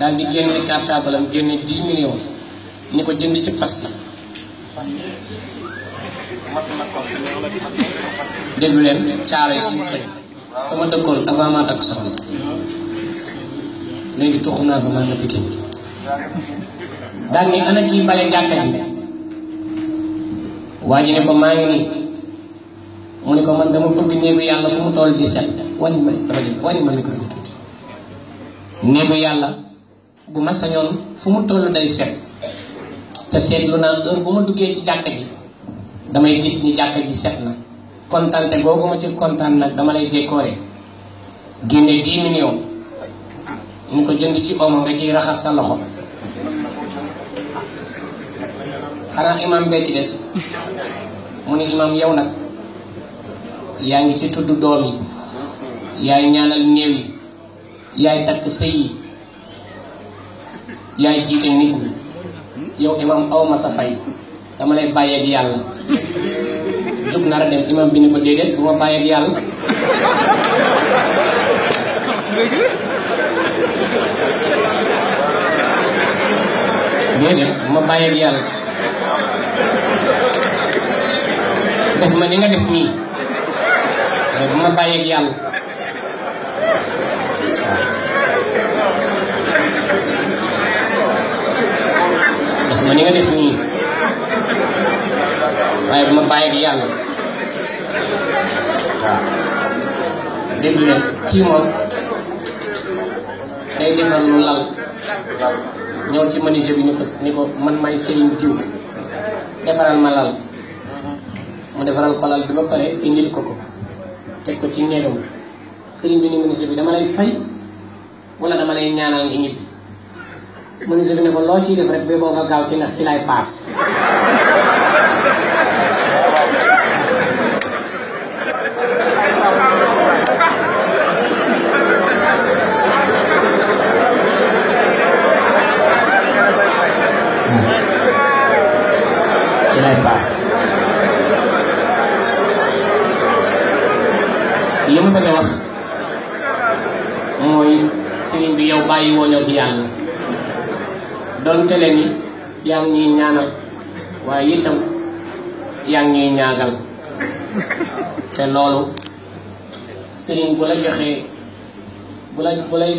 daal di génn cartable am génne 10 millions ni ko jënd ci pas déglu leen caaro yi suñu xëy fa ma dëkkoon avant maa takk soxna léegi tuxu naa ba man na pikin daal ni ana kii bale jàkka ji waa ne ko maa ngi nii mu ne ko man dama bëgg néegu yàlla fu mu toll di set wàññi ma rajo wàññi ma micro bi tuuti néegu yàlla bu ma sañoon fu mu toll day set te seetlu naa heure bu ma duggee ci jàkka ji damay gis ni jàkka ji set na kontaan te googu ma ci kontaan nag dama lay décorer génne 10 millions ni ko jënd ci omo nga ciy raxas sa loxo xanaa imam bee ci des mu ne imam yow nag yaa ngi ci tudd doom yi yaay ñaanal néew yi yaay takk sëy yaay jiite nit ñi yow imam awma sa fay dama lay bàyyeeg yàlla jug nar a dem imam bi ni ko déedéet bu ma bàyyeeg yàlla déedéet ma bàyyeeg yàlla def ma ni nga bu ma bàyyeeg yàlla ma ni nga def nii waaye dama bàyyi di yàlla waaw déglu leen kii moom day defar lu lal ñëw ci menuisier bi ni ko ni ko man may Serigne Diouf defaral ma lal mu defaral ko lal bi pare indil ko ko teg ko ci néegam Serigne bi ni menuisier bi dama lay fay wala dama lay ñaanal nga menuisier bi ne ko loo ciy def rek ba boo nga gaaw ci ndax ci lay paas hmm. ci lay paas li mu bëgg a wax mooy sëriñ bi yow bàyyi woo ñoo bi yàlla donte leen yi yaa ngi ñuy ñaanal waaye itam yaa ngi ñuy ñaagal te loolu sëriñ bu la joxee bu la bu lay jox